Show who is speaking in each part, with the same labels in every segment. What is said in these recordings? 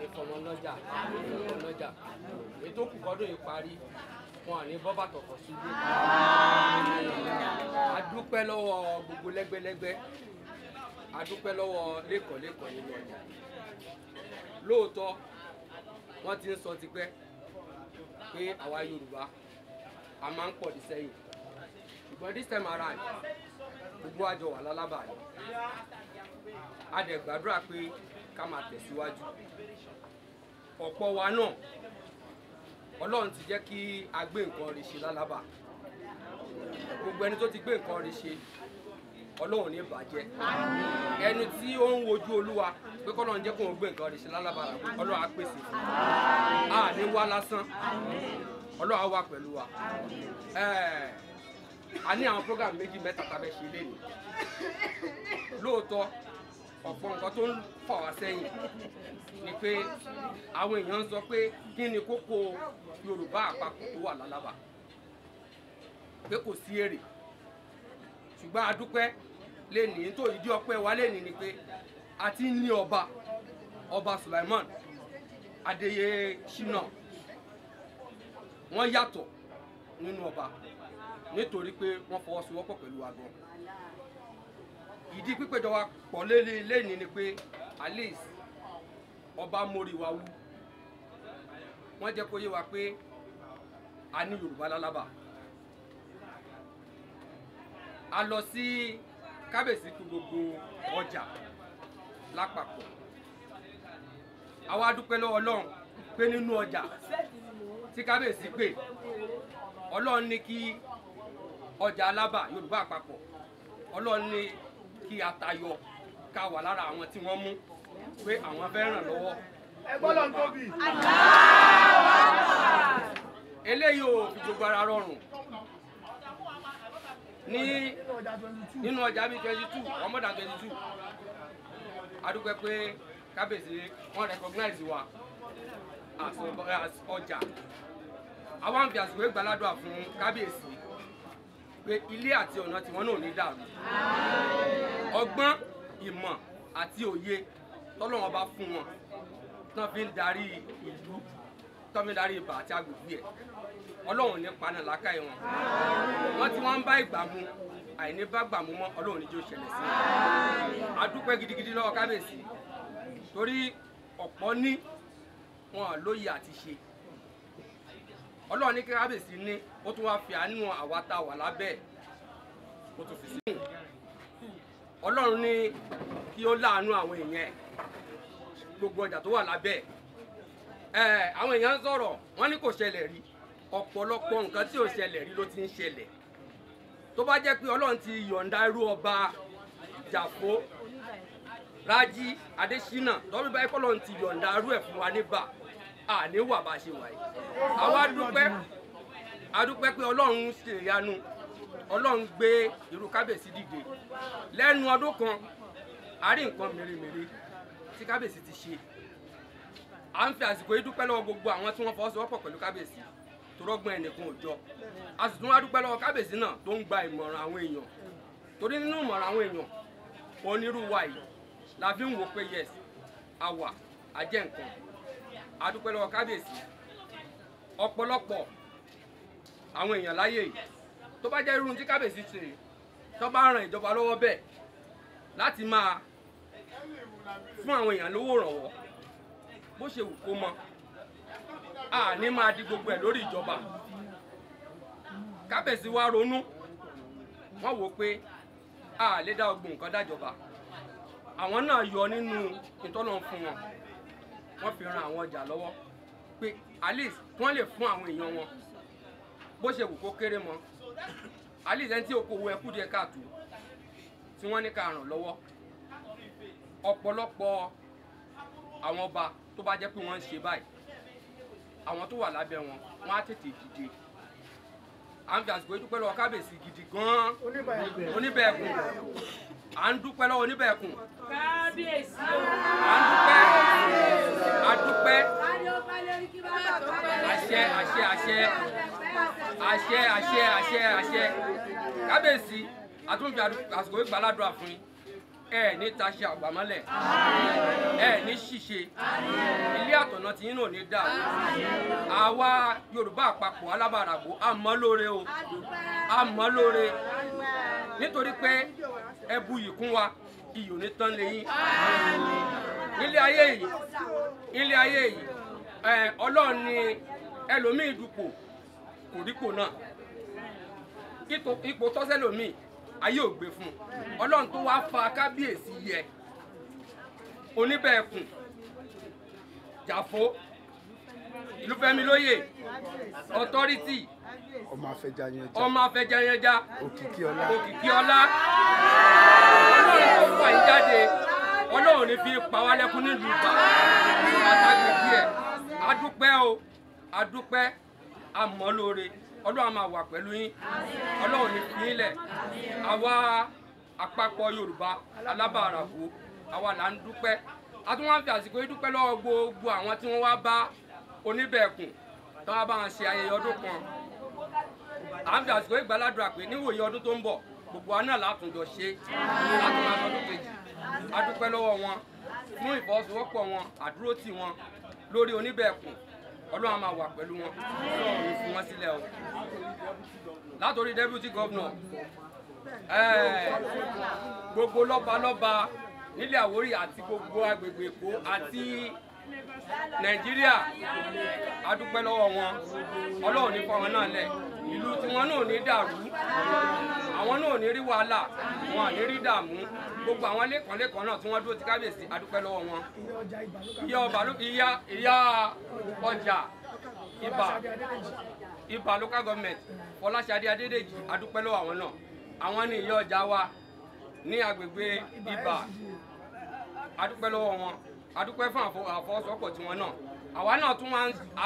Speaker 1: ní fọmọ lọ́jà ní fọmọ lọ́jà ètò kù kọ́dún yìí parí wọn à ní bọ́bà tọ̀kọ̀ síbí. a dúpẹ́ lọ́wọ́ gbogbo lẹ́gbẹ́lẹ́gbẹ́ a dúpẹ́ lọ́wọ́ lẹ́kọ̀ọ́lẹ́kọ̀ọ́ nínú ọjà lóòótọ́ wọ́n ti ń sọ tipẹ́ pé àwa Yorùbá a máa ń pọ̀ dí sẹ́yìn ṣùgbọ́n this time around
Speaker 2: gbogbo àjọ wà lálábàá
Speaker 1: yìí a dẹ̀ gbàdúrà pé ká máa tẹ̀síwájú ọ̀pọ̀ wa náà ọlọ́run ti jẹ́ kí a gbé nǹkan rí ṣe lálábà gbogbo ẹni tó ti gbé nǹkan rí ṣe ọlọ́run ní bàjẹ́ ẹni tí ó ń wojú olúwa pé kọ́lọ́run jẹ́ kó ń gbé nǹkan rí ṣe lálábà ọlọ́run á pèsè fún a ní wá lásán ọlọ́run á wà pẹ̀lú wa a ní àwọn program méjì mẹ́ta tàbẹ́ ṣe lé ní lóòótọ́ ọ̀pọ̀ nǹkan tó ń fà wá sẹ́yìn ni pé àwọn èèyàn ń sọ pé kí ni kókó Yorùbá àpapọ̀ tó wà lálábà pé kò sí èrè ṣùgbọ́n a dúpẹ́ lè ní tó ìdí ọpẹ́ wa lè ní ni pé a ti ń ní ọba ọba Sulaiman Adeye Shina wọ́n yàtọ̀ nínú ọba nítorí pé wọ́n fọwọ́sowọ́pọ̀ pẹ̀lú wa ìdí pípéjọ wa pọ̀ lélẹ̀ lẹ́ni ni pé alice ọba mori wa wú wọ́n jẹ́ kó yé wa pé a ní yorùbá lálábà a lọ sí kábíyèsí tó gbogbo ọjà lápapọ̀ àwa dúpẹ́ lọ́wọ́ ọlọ́run pé nínú ọjà
Speaker 2: tí kábíyèsí pè ọlọ́run ní kí
Speaker 1: ọjà alábà yorùbá àpapọ̀ ọlọ́run ní kí a tayọ ká wà lára àwọn tí wọ́n mú pé àwọn fẹ́ ràn lọ́wọ́.
Speaker 3: ẹ gbọ́dọ̀ ń tóbi.
Speaker 1: eléyìí ò fi ara rọrùn nínú ọjà bíi twenty two ọmọdà twenty two adúpẹ́ pé kábíyèsí wọ́n recognize wa as ọjà àwọn àǹfààní àsìkò ìgbàládùn fún kábíyèsí pé ilé àti ọ̀nà tiwọn náà ò ní dàrú ọgbọ́n ìmọ̀ àti òye tọ́lọ́wọ́n bá fún wọn tán fi ń darí ìlú tán fi ń darí ibà àti agbègbè ẹ̀ ọlọ́run ní paná làákàyè wọn wọ́n tí wọ́n ń bá ìgbà mu àìní bá gbà mu mọ́ ọlọ́run níjó ṣẹlẹ̀ sí i adúpẹ́ gidigidi lọ́wọ́ kábíyèsí torí ọ̀pọ̀ ní wọn lóye àti ṣe ọlọ́run ní kábíyèsí ní ó tún wá fi àánú àwa tá a wà lábẹ́ ó tún fi sí. ọlọ́run ní kí ó láàánú àwọn èèyàn gbogbo ọjà tó wà lábẹ́ ẹ àwọn èèyàn ń sọ̀rọ̀ wọ́n ní kò ṣẹlẹ̀ rí ọ̀pọ̀lọpọ̀ nǹkan tí ò ṣẹlẹ̀ rí ló ti ń ṣẹlẹ̀ tó bá jẹ́ pé ọlọ́run ti yọ̀ǹda irú ọba Jàfó Rájí Adésínà tọ́bí báyìí kọ́lọ́run ti yọ̀ǹda irú ẹ̀ fún wa níbà àníwà bá ṣe wà yìí
Speaker 3: àwa dúpẹ́
Speaker 1: adúpẹ́ pé ọlọ́run ṣe ìyanu ọlọ́run gbé irú kábíyèsí dìde lẹ́nu ọdún kan a rí nǹkan mèremère tí kábíyèsí ti ṣe à ń fi àsìkò yìí dúpẹ́ lọ́wọ́ gbogbo àwọn tí wọ́n fọwọ́sowọ́pọ̀ pẹ̀lú kábíyèsí tó rọ́gbọ́n ẹnìkan ò jọ a sì tún wá dúpẹ́ lọ́wọ́ kábíyèsí náà tó ń gba ìmọ̀ràn àwọn èèyàn torí nínú ìmọ̀ràn àwọn èèyàn onírúwà yìí la fi ń wò pé yes àwa àjẹ́ nǹkan adúpẹ́ lọ́wọ́ kábíyèsí ọ̀pọ̀lọpọ̀ àwọn èèyàn láyé yìí tó bá jẹ́ irun tí kábíyèsí ṣe tó bá ràn ìjọba lọ́wọ́ bẹ́ẹ̀ láti máa fún àwọn èèyàn lówó rànwọ́ bó ṣe wù kó mọ a ní máa di gbogbo ẹ̀ lórí ìjọba kábíyèsí wa ronú wọ́n wò pé a lè dá ogun nǹkan dájọba àwọn náà yọ nínú ìtọ́nà fún wọn wọ́n fi ran àwọn ọjà lọ́wọ́ pé at least wọ́n lè fún àwọn èèyàn wọn bó ṣe wù kó kéré mọ́ at least ẹni tí okòwò ẹkú díẹ̀ káàtó tí wọ́n ní ká ràn lọ́wọ́ ọ̀pọ̀lọpọ̀ àwọn ọba tó bá jẹ́ pé wọ́n ń ṣe báyìí àwọn tó wà lábẹ́ wọn wọ́n á tètè dìde à ń fi àsìkò yìí dúpẹ́ lọ́wọ́ kábíyèsí gidi gan-an oníbẹ̀ẹ̀kùn à ń dúpẹ́ lọ́wọ́ oníbẹ̀ẹ̀kùn kábíyèsí
Speaker 2: à ń dúpẹ́ à dúpẹ́ àṣẹ àṣẹ àṣẹ àṣẹ àṣẹ àṣẹ àṣẹ
Speaker 1: kábíyèsí àtúnfi àsìkò yìí gbàládùn àfún yín. ẹ ní taṣe àgbàmọ́lẹ̀ ẹ ní ile ilé àtọ̀nà tí yínà ní dà àwa Yorùbá àpapọ̀ alábàràgbò a lóore o
Speaker 3: a lóore nítorí pé
Speaker 1: ẹ yìí kún wa iyò ní tán ayé ò gbé fún un ọlọ́run tó wá fa kábíyèsí yẹ oníbẹ̀ẹ̀kùn jàfó ìlúfẹ́mi lóyè ọtọ́rítì ọmọ afẹjayẹja òkìkí ọlá ọlọ́run
Speaker 3: tó fà yín jáde
Speaker 1: ọlọ́run ní fi pa wá lẹ́kún nílùú bá pàtàkì díẹ̀ adúpẹ́ o adúpẹ́ amọ́lóore ọlọ́run a máa wà pẹ̀lú yín ọlọ́run ní fi yín lẹ̀ àwa àpapọ̀ yorùbá alábàáràkú àwa là ń dúpẹ́ a tún wá ń fi àsìkò yìí dúpẹ́ lọ́wọ́ gbogbo àwọn tí wọ́n wá bá oníbẹ̀kùn tó wá bá wọn ṣe ayẹyẹ ọdún kan à ń fi àsìkò yìí gbàládùra pé níwòye ọdún tó ń bọ̀ gbogbo àná látúnjọ ṣe
Speaker 3: láti máa sọdún kejì a dúpẹ́ lọ́wọ́ wọn fún
Speaker 1: ìfọwọ́sowọ́pọ̀ wọn àdúrótì wọn lórí oníbẹ̀kùn ọlọ́run máa wà pẹ̀lú wọn ọlọ́run fún wọn sílẹ̀ o látòrí deputy governor eh, gbogbo lọ́balọ́ba nílẹ̀ Àwórì àti gbogbo agbègbè Èkó àti
Speaker 3: nàìjíríà adúpẹ́ lọ́wọ́ wọn ọlọ́run ní fọwọn náà lẹ̀
Speaker 1: ìlú tiwọn náà ní dàrú àwọn náà ní rí wàhálà wọn ní rí dààmú gbogbo àwọn lẹ́kọ̀ọ́ lẹ́kọ̀ọ́ náà tí wọ́n dúró ti kábíyèsí adúpẹ́ lọ́wọ́ wọn ìyá ọba ìyá ìyá ọjà ibà ibà local government fọláṣadé adédèjì adúpẹ́ lọ́wọ́ àwọn náà àwọn ní ìyá ọjà wa ní agbègbè ibà adúpẹ́ lọ́wọ́ wọn adúpẹ́ fún àfọwọ́sọpọ̀ tiwọn náà àwa náà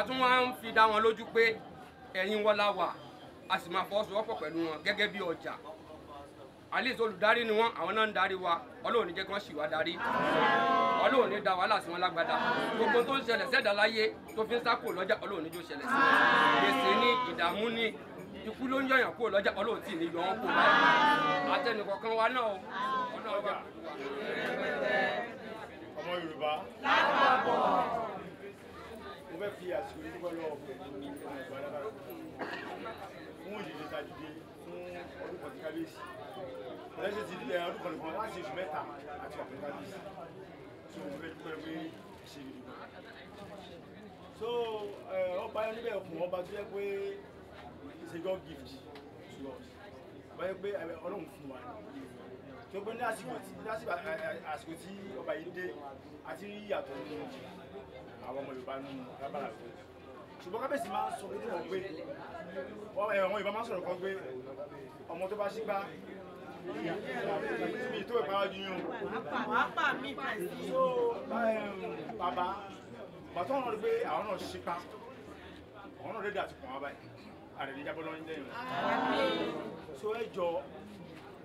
Speaker 1: tún wá ń fi dá wọn lójú pé ẹ̀yìn wọn la wà a sì máa fọwọ́sowọ́pọ̀ pẹ̀lú wọn gẹ́gẹ́ bí ọjà alice olùdarí ni wọn àwọn náà ń darí wa ọlọ́run jẹ́ kí wọ́n sì wá darí ọlọ́run ní da wàhálà sí wọn lágbádá gbogbo tó ń ṣẹlẹ̀ sẹ́dá láyé tó fi ń sáko lọ́jà ọlọ́run ní jó ṣẹlẹ̀ sí gbèsè ní ìdààmú ní ikú ló ń yọ̀yàn kúrò lọ́jà ọlọ́run tì ní yọ wọn kúrò báyìí àtẹnìkọ̀ọ̀kan wa náà ọlọ́run bá kúrò wá ọmọ Yorùbá lápapọ̀
Speaker 4: mo fẹ́ fi àsìkò yìí dúpẹ́ lọ́wọ́ pẹ̀lú ìjọba ìgbàlára fún òjèjì tajúdé fún ọdún kan ti kábíyèsí ọlẹ́sẹ̀ ti di ọdún kan nìkan láti oṣù mẹ́ta àti ọ̀pẹ kábíyèsí tí mo fẹ́ dúpẹ́ pé ṣe gidi gan. so ọba yẹn níbẹ̀ kùn ọba tó yẹ pé it's a God gift to us ọba yẹ pé ọlọ́run fún wa ni tó gbé ní àsìkò tí ọba yìí dé àti rí ìyàtọ̀ nínú àwọn ọmọ Yorùbá nínú lábàlá tó ṣùgbọ́n kábíyèsí máa ń sọ pé wọ́n pé ẹ̀wọ̀n Yorùbá máa ń sọ̀rọ̀ kan pé ọmọ tó bá ṣígbá mi tó ìpara ju yín o bàbá bàtọ́ wọn rí pé àwọn náà ṣípa àwọn náà rédíò àti kùn wọn báyìí àrẹ̀lẹ́jábọ́ lọ́yìn lẹ́yìn so ẹ jọ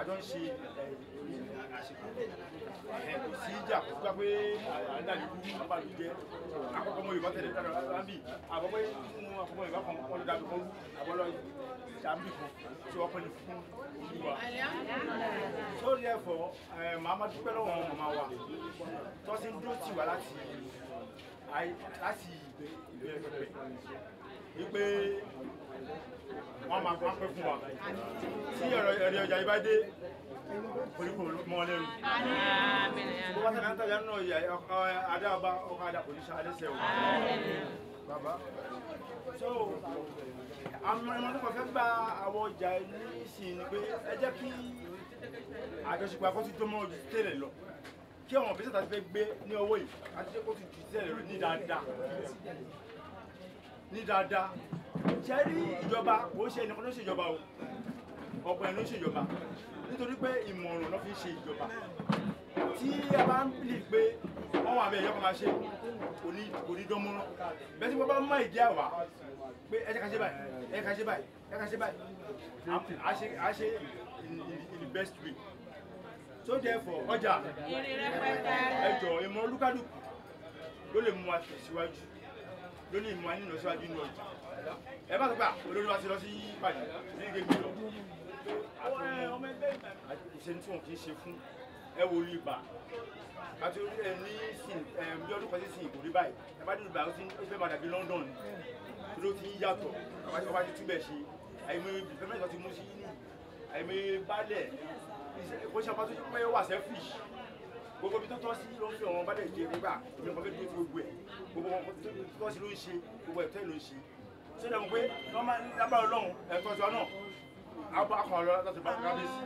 Speaker 4: àjọ ń ṣe àṣepọ̀ ẹ̀ kò sí ìjà kó gbà pé àdàlù kú àbàlù jẹ́ àkọ́kọ́ mọ Yorùbá tẹ̀lé tẹ̀lé rábì àkọ́kọ́ fún àkọ́kọ́ Yorùbá kan wọ́n lọ dàbí kan àbọ̀lọ́ ìdàmì kan tí wọ́n pẹ́ni fún Olúwa. sórí ẹ̀fọ́ eh, màmá dúpẹ́ lọ́wọ́ màmá wa tọ́sí ń dó tì wá láti ìbẹ̀rẹ̀ pẹ̀pẹ̀ wípé wọ́n máa pa pé fún wa tí ẹ̀rẹ̀ ọjà yìí bá dé koríko mọ́ lẹ́nu bó bá tẹ̀lé àtàjà nínú ìyá adába ọ̀kadà kò ní ṣe alẹ́sẹ̀
Speaker 5: bàbá so
Speaker 4: àwọn ọmọ tó kọ fẹ́ gba àwọn ọjà yìí sí ni pé ẹ jẹ́ kí àjọṣepọ̀ akọ́tí tó mọ́ ojú tẹ̀lẹ̀ lọ kí àwọn òbí sàtàfẹ́ gbé ní ọwọ́ yìí àti ṣe kó ti jù tẹ̀lẹ̀ ní dáadáa ní dáadáa ṣe rí ìjọba kò ṣe ẹnìkan ló ń ṣèjọba o ọ̀pọ̀ ẹni ló ń ṣèjọba nítorí pé ìmọ̀ràn ló fi ṣe ìjọba tí a bá ń bìlì pé wọ́n wà bẹ́ẹ̀ yọkọ̀ máa ṣe kò ní dánmọ́rán bẹ́ẹ̀ tí wọ́n bá má ìdí àwà pé ẹ jẹ́ ká ṣe báyìí ẹ ká ṣe báyìí ẹ ká ṣe báyìí a ṣe in the best way so therefore ọjà ẹjọ́ ìmọ̀ olúkálùkù ló lè mú wa tẹ̀síwájú lónìí ìmọ̀ ẹni lọ síwájú inú ọjà ẹ bá sọ pé ah, olórí wa ti lọ sí ìpàdé ní gègé lọ ìṣe tí wọn kì í ṣe fún ẹ wo orí ibà àti orí ẹ ní sìn ẹ bí ọdún kan sí sìn ìkórè báyìí ẹ bá dùn ibà ó fẹ́ máa dàbí London ni ló ti ń yàtọ̀ ọba ti túbẹ̀ ṣe àìmọ̀ ìfẹ́mẹ́ta ti mú sí inú àìmọ̀ ìbálẹ̀ kó ṣe apá ṣe pé wà selfish gbogbo ibi tó tọ́ sí ló ń fi ọ̀wọ́n bálẹ̀ jẹ nígbà èmi kan fẹ́ dúró ti gbogbo ẹ̀ gbogbo wọn tó tọ́ sí ló ń ṣe gbogbo ẹ̀ tẹ́ ló ń ṣe ṣé dàgbọ́n pé lábàá ọlọ́run ẹ̀tọ́ ọjọ́ náà abọ́ akọ̀ ọ̀rọ̀ láti bá kábíyèsí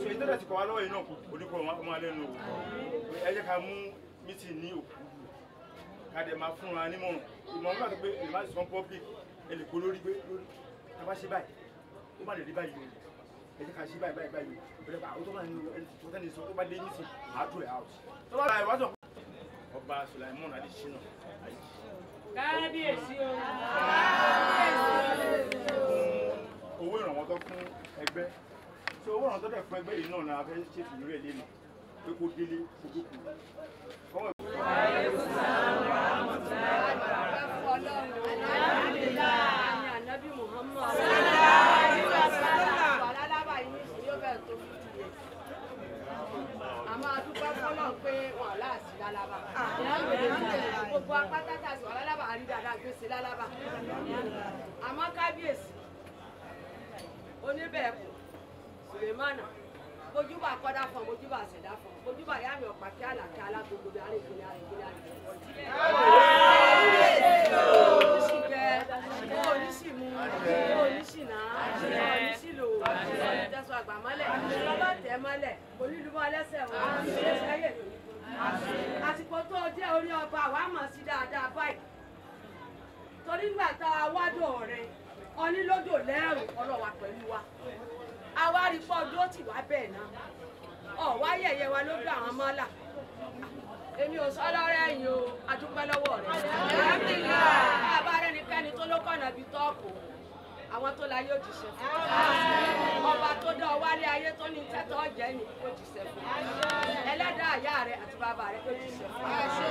Speaker 4: ṣe ìtọ́jà ti kọ̀ wá lọ́wọ́ yìí náà kò oníkọ̀ ọmọ alẹ́ nù o ẹ jẹ́ ká mú mítì ní òkú ká dẹ̀ máa fún wa nímọ̀ràn ìmọ̀ràn nígbà tó pé èlè má sọ public èlè kó lórí pé lórí ká bá ṣe báyìí ó má ẹ jẹ́ ká ṣe báyìí báyìí báyìí bẹ̀rẹ̀ bá àwọn tó bá ní tó tẹ́lẹ̀ sọ tó bá dé nísìn àádùn ẹ̀ out. tó bá ra ìwádùn ọba Sulaimon Adesina ayé.
Speaker 6: kábíyèsí o
Speaker 4: owó ìrànwọ́ tó fún ẹgbẹ́ tí owó ìrànwọ́ tó dẹ̀ fún ẹgbẹ́ yìí náà la fẹ́ ṣètò lórí ẹ̀ lẹ́nu pé
Speaker 2: délé fojú kù. ọwọ́ ìgbà. ayé pé wọn aláàsí lálábà ah. gbogbo apátátà sí wọn lálábà àrídàdà gbèsè lálábà àmọ́ kábíyèsí oníbẹ̀ẹ̀kù sùlẹ̀mánà mojúbà kọ́dá fún mojúbà ṣẹ̀dá fún mojúbà yá mi ọ̀pá kí àlàkí alágbogbo bí arìnrìn àrìnrìn
Speaker 3: àrìnrìn owó oníṣìmú owó oníṣìnà owó oníṣìlò ìjọsọ àgbàmọ́lẹ̀ ìjọba
Speaker 2: tẹ̀ mọ́lẹ̀ onílùmọ́ ẹlẹ́sẹ̀
Speaker 3: wọn ẹlẹ́sẹ̀ ayé ìròyìn
Speaker 2: àsìkò tó dé orí ọba àwa ti wa ló
Speaker 3: dún àwọn mọ́là èmi ò sọ lọ́rẹ́ yìí
Speaker 2: o a dúpẹ́ lọ́wọ́ àwọn tó láyé ó jíṣẹ́ fún ọba tó dá ọwá ayé tó ní tẹ́tọ́ ọ̀jẹ́ ni ó jíṣẹ́ fún ẹlẹ́dàá àyá rẹ àti bàbá rẹ ó jíṣẹ́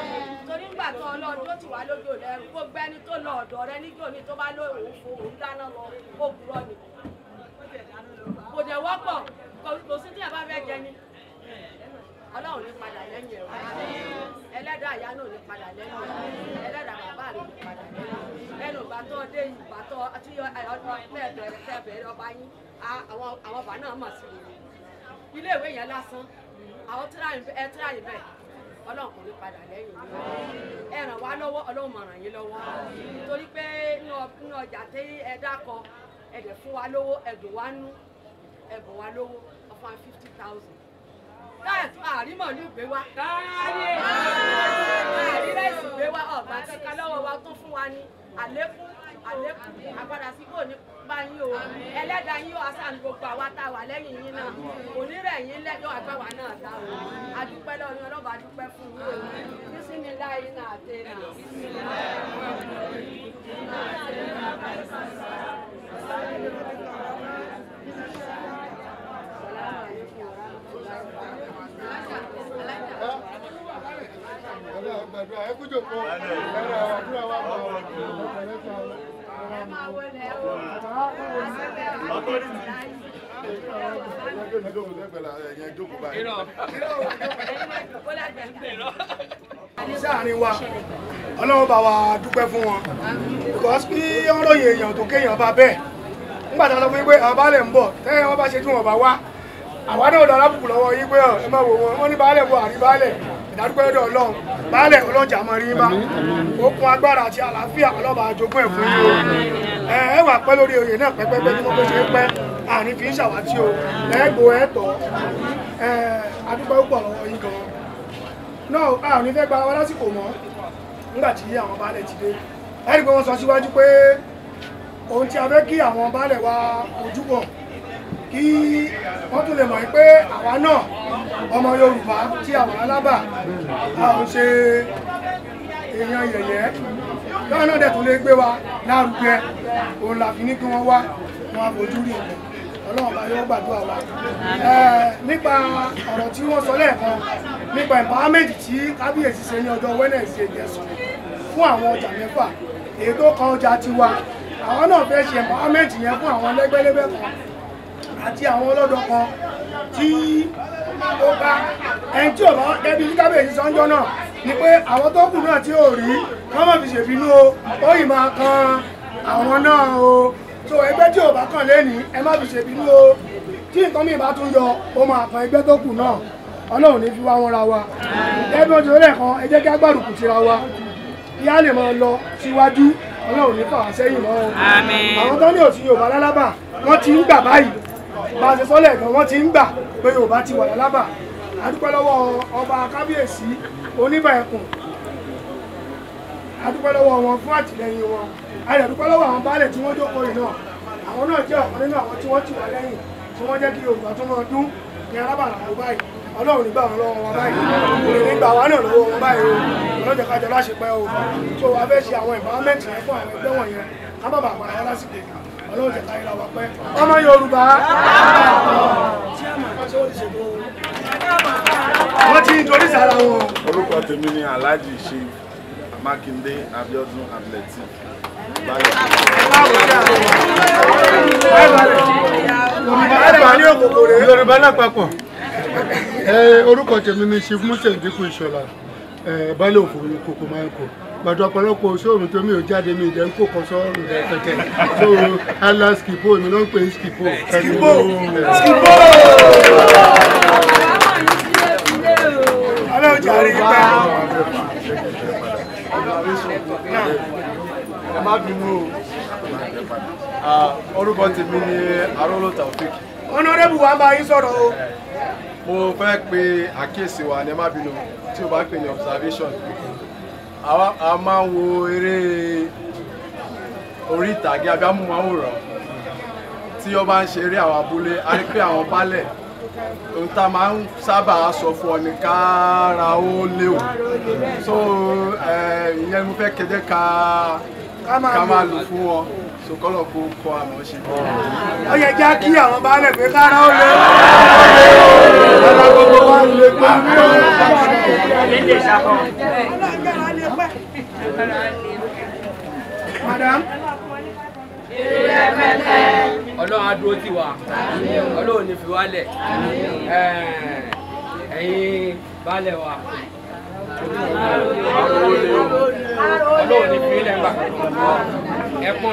Speaker 2: fún torí ńgbà tó ọlọ́run ó ti wá lójú lẹ́rù gbogbo ẹni tó lọ ọ̀dọ̀ rẹ níjó ni tó bá lóòrùn fún òun dáná lọ ó burọ́ ni kò dẹ̀ wọ́pọ̀ kò sí tí ẹ bá fẹ́ jẹ ni ọlọ́run ní padà lẹ́yìn ẹ̀rọ ẹlẹ́dàá àyá náà ní padà lẹ́yìn ẹlẹ́dàá bàbá rẹ ní padà lẹ́yìn ẹnu ìbátan dé ìbátan tí ọdún tẹ́ẹ̀bẹ̀rẹ̀ tẹ́ẹ̀bẹ̀rẹ̀ ọba yín àwọn ọba náà mọ̀ sí i ilé ìwé yẹn lásán àwọn tíráyìn bẹ́ẹ̀ ọlọ́run kò ní padà lẹ́yìn mi ẹ ràn wá lọ́wọ́ ọlọ́run mọ̀ ràn yín lọ́wọ́ torí pé nínú ọjà tí ẹ dákọ ẹ fún wa lówó ẹ̀dùn wa nú ẹ̀bùn wa lówó ọ̀fọ̀ fifty thousand láìtún àrímọ̀ ní ìgbé wa. káyé ọ̀gbà kankan lọ́wọ́ wa tó fún wa ní àlékún àlékún àpadà sí kò ní bá yín o ẹlẹ́dàá yín o asan gbogbo àwa tá a wà lẹ́yìn yín náà onírẹ̀ yín lẹ́jọ́ àgbàwà náà dá o adúpẹ́ lọ́run ọlọ́ba adúpẹ́ fún yín o bísíní láyé náà dé náà. bísíní láyé
Speaker 3: náà.
Speaker 7: àdúrà ẹ kú jòkó ẹ̀rọ àdúrà wà bọ̀
Speaker 2: sáàrin
Speaker 6: wa ọlọ́run bá wa dúpẹ́ fún wọn because bí wọ́n ròyìn èèyàn tó kéèyàn bá bẹ́ẹ̀ nígbà tí wọ́n lọ fún yín pé àwọn baálẹ̀ ń bọ̀ tẹ́yìn wọ́n bá ṣe tí wọ́n bá wá àwa náà lọ alábùkù lọ́wọ́ yín pé ẹ má wò wọ́n wọ́n ní baálẹ̀ bọ̀ àrí baálẹ̀ ìdádúpẹ́ lọ́dọ̀ ọlọ́run baálẹ̀ ọlọ́jà mọ rí bá okun agbára àti àlàáfíà ọlọ́ba àjogún ẹ̀ fún yín o ẹ ẹ wà pẹ́ lórí oyè náà pẹ́pẹ́pẹ́ tí wọ́n ṣe pẹ́ àní fi ń ṣàwátì o lẹ́gbò ẹ tọ́ ẹ adúpẹ́ púpọ̀ lọ́wọ́ yín gan náà a ò ní fẹ́ gba wa lásìkò mọ́ nígbà tí àwọn baálẹ̀ ti dé ẹ rí i pé wọ́n sọ síwájú pé ohun tí a fẹ́ kí àwọn baálẹ̀ wa ojú kí wọ́n tún lè mọ̀ pé àwa náà ọmọ Yorùbá tí àwa alábà a ò ṣe èèyàn yẹ̀yẹ́ lọ́wọ́ náà dẹ̀ tún lè gbé wa lárugẹ òun la fi ní kí wọ́n wá wọn àbójú rí ọ̀gbọ̀n ọlọ́run bá yóò gbàdúrà wa nípa ọ̀rọ̀ tí wọ́n sọ lẹ́ẹ̀kan nípa empowerment tí kábíyèsí ṣe ní ọjọ́ Wednesday ìjẹsùn fún àwọn ọjà mẹ́fà èyí tó kan ọjà tiwa àwọn náà fẹ́ ṣe empowerment yẹn fún àwọn lẹ́gbẹ́lẹ́gbẹ́ kan àti àwọn ọlọ́dọ̀ kan tí ó bá ẹni tí ọ̀bá ẹbí tí kábíyèsí sọ́njọ́ náà ni pé àwọn tó kù náà tí ò rí wọ́n mọ̀ fi ṣèbínú o ó yìí máa kan àwọn náà o tó ẹgbẹ́ tí ò bá kàn lẹ́nìí ẹ má fi ṣèbínú o tí nǹkan mìíràn bá tún yọ ó máa kan ẹgbẹ́ tó kù náà ọlọ́run ní fi wá wọn ra wa ẹbí wọn ti rẹ̀ kan ẹ jẹ́ kí á gbàdùkù tira wa kí á lè máa lọ síwájú ọlọ́run ní fà wá sẹ́yìn mọ́ àwọn tó ní òsì yorùbá lálábà wọ́n ti ń gbà báyìí bá a ṣe sọ́lẹ̀ gan wọ́n ti ń gbà pé yorùbá ti wà lálábà adúpẹ́ lọ́wọ́ ọba kábíyèsí oníbà ẹkùn adúpẹ́ lọ́wọ́ wọn fún àtìlẹyìn wọn adúpẹ́ lọ́wọ́ àwọn baálẹ̀ tí wọ́n jókòó yìí náà àwọn náà jẹ́ ọ̀kan nínú àwọn tí wọ́n ti wà lẹ́yìn tí wọ́n jẹ́ kí yorùbá tó máa dún ní alábàrà wọn báyìí ọlọ́run nígbà wọn lọ́wọ́
Speaker 5: wọn báyìí òun nígbà wọn
Speaker 6: náà lọ́wọ́ wọn báyìí o ọlọ́jọ́ kájọ láṣepẹ́ o tó wàá fẹ́ ṣe àwọn environment fún àwọn ẹgbẹ́ wọ̀nyẹn ká bàbà àpàrà wọn lásìkò ọlọ́run jẹ́ káyọ̀ làwọn pẹ́ ọmọ yorùbá.
Speaker 7: wọ́n ti ń torí sára wọn. orúkọ tèmi ni alhaji ṣe makinde abiodun abilẹti.
Speaker 8: yorùbá ní òkòkò rẹ. yorùbá lápapọ̀ orúkọ tèmi ni chief musa ndikun ìṣọ̀lá balẹ̀ òkòkò máa ń kọ́ pàtó ọ̀pọ̀lọpọ̀ ṣóòrùn tó mi ò jáde mi ìdẹ́ ń kó kan sọ́ọ̀rù rẹ̀ kẹ̀kẹ́ so ala skipo mi ló ń pè é skipo. skipo
Speaker 3: skipo.
Speaker 4: ọlọ́run jàre ipa. ẹ má bínú o orúkọ tèmi ni Arólò Taofik.
Speaker 6: ọ̀nàdẹ́bù wa bá yín sọ̀rọ̀ o.
Speaker 4: mo fẹ́ pe àkíyèsí wa ni ẹ má bínú tí o bá pè ní observation a máa ń wo eré orí ìtàgé agbámúmáwòrán tí ó bá ń ṣe eré àwọn abúlé a rí pé àwọn baálẹ̀ ohun tá a máa ń sábà sọ fún ọ ní kára ó léwu so ìyẹn mo fẹ́ kẹjẹ́ ká máa lò fún wọn sokọlọ kó kọ àmọ́ ṣe.
Speaker 6: ó yẹ já kí àwọn baálẹ̀ pé kára ó léwu. kára gbogbo wa lè
Speaker 2: ah. gbọ́
Speaker 3: madam. ọlọ́run á dúró tì
Speaker 1: wá ọlọ́run ò ní fi wálẹ̀ ẹ̀yin baálẹ̀ wa ọlọ́run ní fi ilẹ̀ ń bà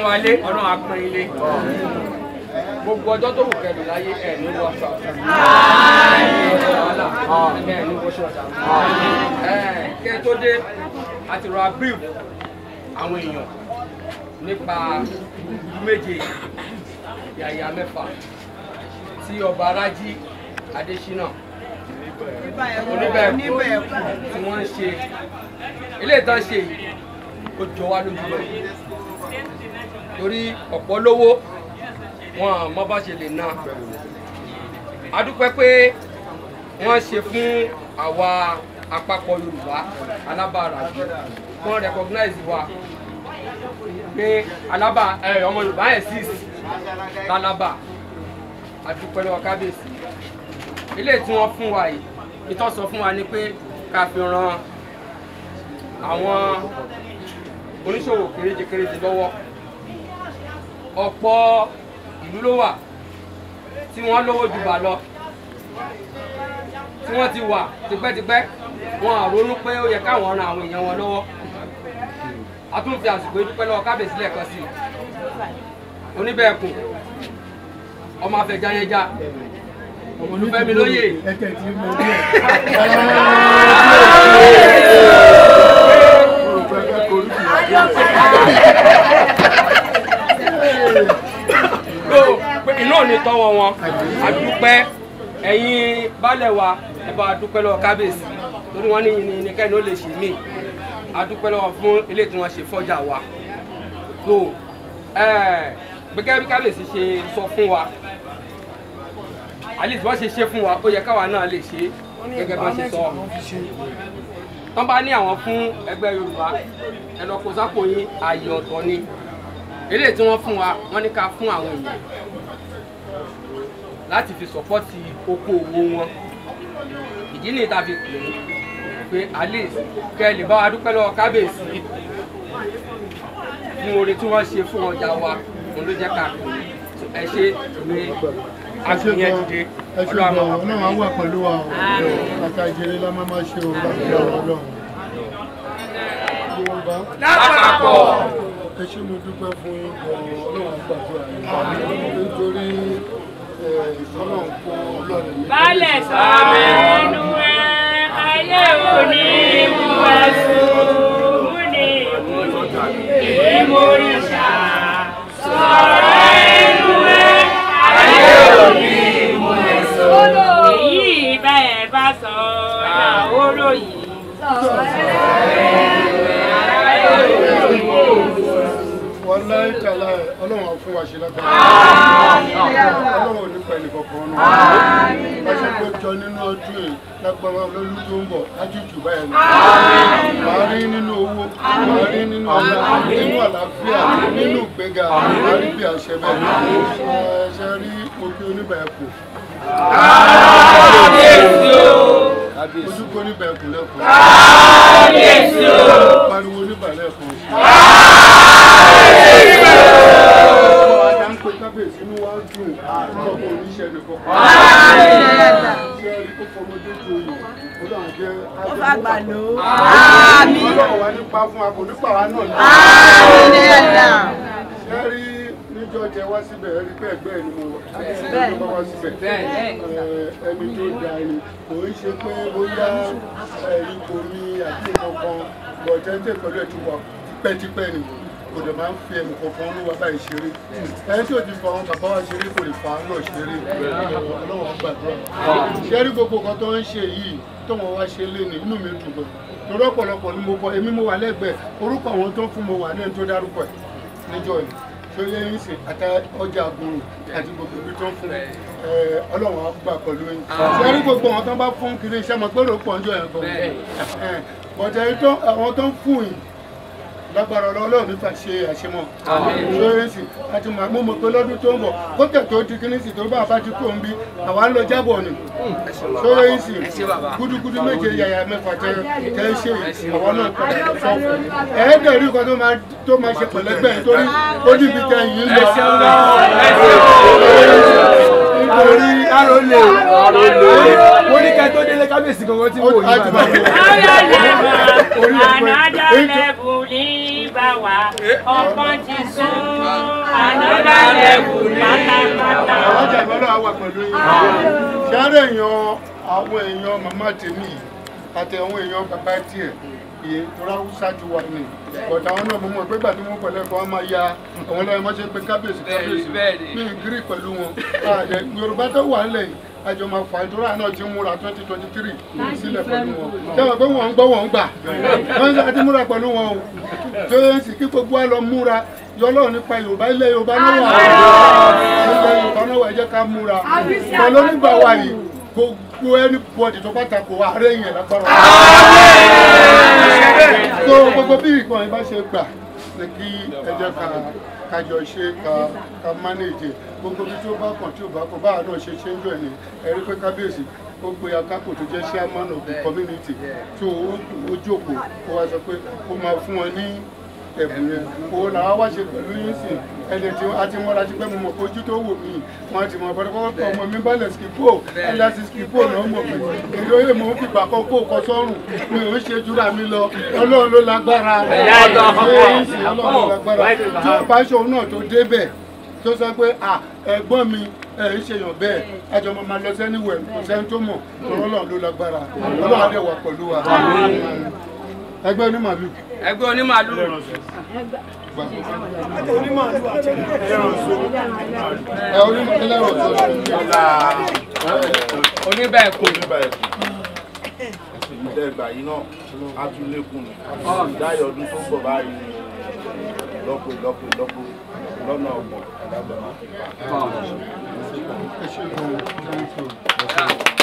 Speaker 1: wálé ọlọ́run á ilé gbogbo ọjọ́ tó wù kẹlù láyé ẹ̀ ní wọ́n sọ ẹ̀ ní wọ́n sọ ẹ̀ kẹ́ tó dé a ti rọra brief àwọn èèyàn
Speaker 3: nípa ìlú
Speaker 1: méje yàyà mẹ́fà tí ọba Rájí Adésínà oníbẹ̀ẹ̀kú tí wọ́n ń ṣe ilé ìtàn ṣe ó jọ wá lójú lọ torí ọ̀pọ̀ lówó wọn mọ̀ bá ṣe lè na a dúpẹ́ pé wọ́n ṣe fún àwa àpapọ̀ yorùbá alábàárà wọ́n recognize wa pé alábà ọmọ yorùbá exist lálábà àdúpẹ́ lọ́wọ́ kábíyèsí ilé tí wọ́n fún wa yìí ìtọ́ sọ fún wa ni pé ká fi ran àwọn oníṣòwò kéréje lọ́wọ́ ọ̀pọ̀ ìlú ló wà tí wọ́n lówó jù lọ
Speaker 3: tí wọ́n ti wà tipẹ́tipẹ́ wọn àrònú pé
Speaker 1: ó yẹ káwọn ran àwọn èèyàn wọn lọ́wọ́ a tún fi àsìkò ìdúpẹ́ lọ́wọ́ kábíyèsí lẹ́ẹ̀kan sí i oníbẹ̀ẹ̀kùn ọmọ afẹ́jáyẹjá olùfẹ́mi lóye. iná ò ní tọ́wọ́ wọn a dúpẹ́ ẹ̀yin wa ẹ bá a dúpẹ́ kábíyèsí torí wọ́n ní ìníkẹ́ ní ó lè ṣe mí adúpẹ́ lọ́wọ́ fún ilé tí wọ́n ṣe fọ́jà wa so gbẹgẹ́ bí kábíyèsí ṣe sọ fún wa àlejò wọ́n ṣe ṣe fún wa ó yẹ káwa náà lè ṣe
Speaker 3: gẹ́gẹ́ bá ṣe sọ
Speaker 1: tán bá ní àwọn fún ẹgbẹ́ Yorùbá ẹlọ́kọ sápò yín ààyè ọ̀tọ̀ ni eléyìí tí wọ́n fún wa wọ́n ní ká fún àwọn èèyàn láti fi sọ́pọ́tì okòòwò wọn ìdí nìyí tá fi pè é pé alice kẹ́ lè bá wa dúpẹ́ lọ́wọ́ kábíyèsí fún oore tí wọ́n ṣe fún ọjà wa òun ló jẹ́ káàkiri ẹ ṣe ìwé àgbìyàn dìde
Speaker 8: ọlọ́run ọlọ́run á wà pẹ̀lú wa o kàkà ìjẹrẹ la máa máa ṣe o lábẹ́ ọlọ́run.
Speaker 6: lápapọ̀
Speaker 8: ẹ ṣé mo dúpẹ́ fún ọlọ́run gbàdúrà yín nítorí
Speaker 3: ọlọ́run kó lọ́ọ̀dẹ̀ yín. sọ́ọ́ mẹ́rin.
Speaker 8: dàgbà lò ó. àmín. ọlọ́run wa nípa fún wa kò nípa wa náà lọ. àmín ní ẹ̀dá. ṣé rí níjọ́ jẹ wá síbẹ̀ ẹ rí bẹ́ẹ̀ bẹ́ẹ̀ ni mo wà bẹ́ẹ̀ ni mo wá síbẹ̀ ẹni tó da ẹni kò ń ṣe pé bóyá ipò mi àti ìkọ̀kan bọ̀jẹ́ńtẹ̀ pẹ̀lú ẹ̀ ti wà tipẹ́tipẹ́ ni mo kò dẹ̀ máa ń fi ẹnì kọ̀ọ̀kan ló wá báyìí ẹni tí ò ti fa bàbá wa ṣeré kò lè fa náà ṣeré ọlọ́wọ́n gbàdúrà ṣẹ́rí gbogbo kan tó ń ṣe yìí tó wọ́n wá ṣe lé inú mi dùn gan torí ọ̀pọ̀lọpọ̀ ni mo bọ èmi mo wà lẹ́gbẹ̀ẹ́ orúkọ àwọn tó ń fún mo wà ní ẹni tó dárúkọ ẹ̀ níjọ́ yìí tó yẹ ń àtà ọjà àgùrù àti gbogbo ibi tó ń fún ọlọ́run àgbà pẹ̀lú yín ṣẹ́rí gbogbo àwọn tó ń bá fún kiri iṣẹ́ mọ̀ pé ròpọ̀ ọjọ́ yẹn gan bọ̀dẹ̀ àwọn tó ń fún yìí lágbára ọlọ́run nípa ṣe àṣemọ̀ ṣóyẹ́sì àti màmú mọ̀ pé lọ́dún tó ń bọ̀ kókè tó di kínísì tó bá bá ti kú òun bí àwa ń lọ jábọ̀ ni ṣóyẹ́sì gúdúgúdú méje yàyà mẹ́fà tẹ tẹ ṣe àwa náà kọ sọ ẹ̀ẹ́dẹ̀rí kan tó máa ṣe pẹ̀lẹ́gbẹ̀ torí ó níbi tẹ yìí lọ. nítorí arólè arólè mo ní ká tó délé kábíyèsí gangan
Speaker 1: tí mo yí máa bá wọn.
Speaker 3: orí
Speaker 1: ẹ̀kọ́ wá eh. ọgbọ́n ti sún ah. ànádà ah. lẹ́kù
Speaker 3: pátápátá.
Speaker 8: àwájà ah. ìbálò àwà pẹ̀lú yìí ṣáré èèyàn àwọn èèyàn màmá tèmi àti àwọn èèyàn bàbá tiẹ̀ ìtura ṣáájú wa ni ọ̀dà àwọn náà mo mọ̀ pé gbàtí wọ́n pẹ̀lú ẹ̀kọ́ wọn máa ya àwọn ọlọ́yẹmọ́ṣẹ́ pé kábíyèsí kábíyèsí ní ìgírí pẹ̀lú wọn Yorùbá tó wà ń lẹ̀ yìí àjọ máa fà ìtura náà ti múra twenty twenty three sílẹ̀ pẹ̀lú wọn sẹ́wọ̀n pé wọ́n ń gbọ́ wọ́n ń gbà wọ́n ń ti múra pẹ̀lú wọn o tó yẹn sì kí gbogbo wa lọ múra yọlọ́ọ̀ nípa Yorùbá ilẹ̀ Yorùbá náà wà ilẹ̀ Yorùbá náà wà ẹ jẹ́ ká múra pẹ̀lú onígbà wa yìí gbogbo ẹni bọ́ọ̀dì tó bá takò ààrẹ yẹn lápára tó gbogbo bí ìkànnì bá ṣe gbà ní kí ẹ jẹ́ ká kájọ ṣe ká ká mánéèjì gbogbo bí tí ó bá kàn tí ò bá kàn báwa náà ṣe ṣe ń jọ ẹ̀ ní pé kábíyèsí ó pe akápò tó jẹ́ chairman of the community tó ó jókòó ó wá sọ pé ó máa fún wọn ní ẹ̀bùn yẹn owó làwa wá ṣe pẹ̀lú yín sìn ẹ̀dẹ̀ tí a ti mọ́ra sí pé mo mọ̀ ojú tó wò mí wọ́n ti mọ̀ bọ́dọ̀ kọ́kọ́ ọmọ mi balẹ̀ skipo ẹ̀dá sí skipo náà mọ̀ pé èdè oyè mo ń fi gbàkọ́ kó kọ sọ́rùn mi ò ń ṣe jura mi lọ ọlọ́run ló lágbára rẹ̀ ọlọ́run ló lágbára tí ó bá ṣòun náà tó débẹ̀ tó sọ pé ẹ̀gbọ́n mi ẹ ń ṣèyàn bẹ́ẹ̀ ẹjọ́ máa máa lọ sẹ́niwẹ̀ kò sẹ́ni tó mọ̀ ọlọ́run ló lágbára ọlọ́run á
Speaker 1: dẹ̀ wà pẹ̀lú wa ẹgbẹ́ onímàálù. ẹgbẹ́ onímàálù. ẹgbẹ́
Speaker 6: onímàálù àti ẹlẹ́rọ̀ọ́sọ. ẹ onímàálù ẹlẹ́rọ̀ọ́sọ.
Speaker 7: oníbẹ̀ẹ̀kù. ìdẹ́gbà yìí náà á tún lékún mi dáyọ̀ ọdún tó ń bọ̀ báyìí lọ́pọ̀ lọ́pọ̀ lọ́pọ̀
Speaker 3: lọ́nà ọ̀gbọ̀n ẹ̀dá bẹ̀rẹ̀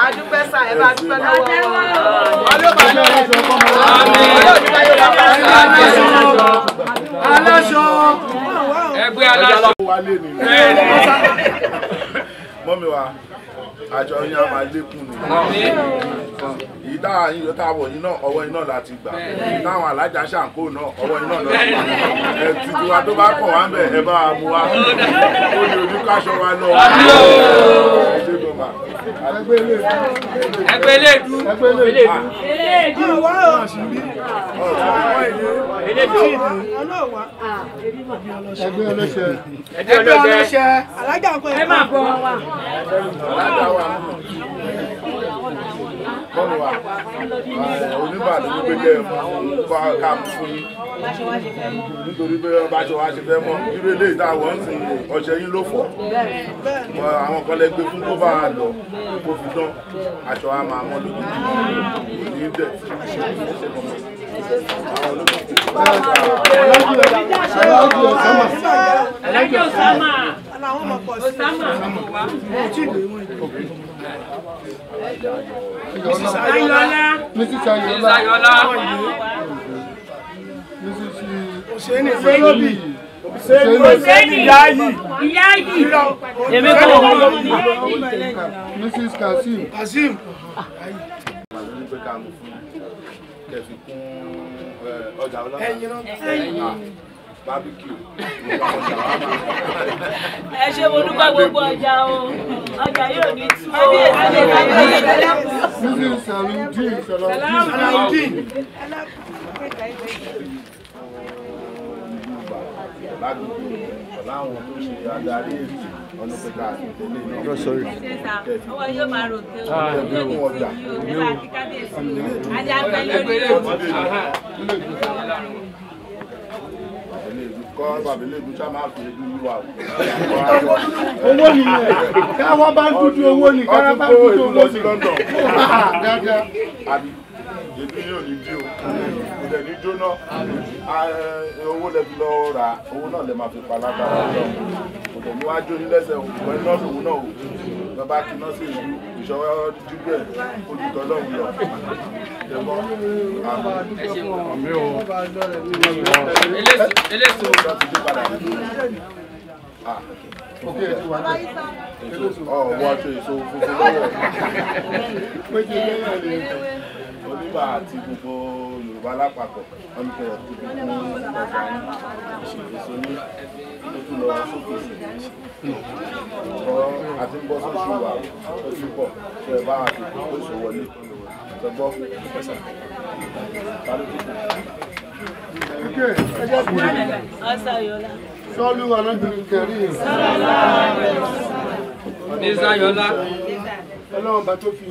Speaker 2: adúpẹ́ sá ẹ bá
Speaker 5: dúpẹ́ lọ́wọ́
Speaker 3: aláṣọ ẹgbẹ́ aláṣọ
Speaker 7: mọ́mi wa àjọ yín a máa lékún ni èyí táwa yín yóò táwọ̀ yín náà ọwọ́ yín náà láti gbà èyí táwọn alájà ṣàǹkó náà ọwọ́ yín náà láti gbà ẹ tuntun wa tó bá kọ̀ wá ń bẹ̀ ẹ bá wa mú wa ó lè ojú káṣọ wa lọ
Speaker 3: ẹgbẹ́ eléèdú
Speaker 7: eléèdú
Speaker 1: ẹgbẹ́
Speaker 6: ọlọ́ṣẹ ẹgbẹ́
Speaker 3: ọlọ́ṣẹ alájà ń kọ́ ẹ̀ máa bọ̀ wá lọ́rùn wa oníbàdàn ló gbé jẹ́
Speaker 7: bá ká fún yín nítorí pé ọba ṣe wá ṣe fẹ́ mọ́ irú eléyìí tá a wọ́n ń sìn ọ̀ṣẹ́ yín ló fọ̀ àwọn kan lẹ gbé fún tó bá a lọ kó fi dán aṣọ wa máa lójú ní ìdẹ̀
Speaker 3: ṣe kọ́mọ́. Alájì Osama. Osama. Mrs. Ayọ̀lá. Mrs. Ayọ̀lá. Mrs. Oseni Felobi. Oseni Yayi.
Speaker 8: Yayi. Èmi kò wọ́n mú mi. Mrs. Kasim. Kasim.
Speaker 7: Màlúù ní pé ká mú tẹ̀ fi kún ọjà ọlọ́pàá ẹ̀yìn
Speaker 2: náà ah, barbecue ẹ ṣe mo dúpẹ́ gbogbo
Speaker 3: ọjà o ọjà yóò ní tú o.
Speaker 8: Salamu Salamu Salamu
Speaker 7: lágbègbè pẹ̀lú tó ṣe adarí ètò ọ̀nà pẹ̀lú
Speaker 3: àtẹ̀lé
Speaker 2: náà. ọwọ́ yóò máa rò pé
Speaker 7: ó ń lò ní ọjà nígbà tí kábíyèsí adé apẹ́ lórí owó nìyẹn káwọn bá ń dúdú owó ni káwọn bá ń dúdú owó ní bí o kò dẹ̀ ní Eh, owó lẹ́bi lọ́ọ́ ra owó náà lè máa fi pa lágbára lọ kò tẹ̀ ní wájú onílẹ̀sẹ̀ òkùnkùn iná lòun náà o lọ́ba kiná sí ìlú ìṣọwọ́ dúgbẹ̀ olùtọ́
Speaker 6: lọ́hùn lọ. eléso
Speaker 7: òkè èso wà ní èso ọ̀wọ́ aṣọ èso funfun lọ́wọ́ méjì oníbà àti gbogbo yorùbá lápapọ̀ wọn ti bẹ̀rẹ̀ tó
Speaker 2: bí fún ọjà ìṣègbèsè ní tó tún lọ sókè sí
Speaker 7: ọ àti ń bọ́ sóṣù wa ó ti pọ̀ ṣe bá a ti kó oṣù wọlé
Speaker 3: ṣọgbọ́ sọ́ọ́lù
Speaker 8: wa náà ti kẹrí yẹn. ní sáyọ́lá. ọlọ́run bá tó fi